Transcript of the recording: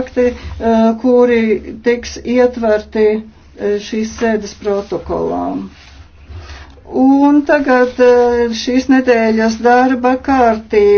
akti, eh, kuri tiks ietverti eh, šīs sēdes protokolā. Un tagad eh, šīs nedēļas darba kārtība.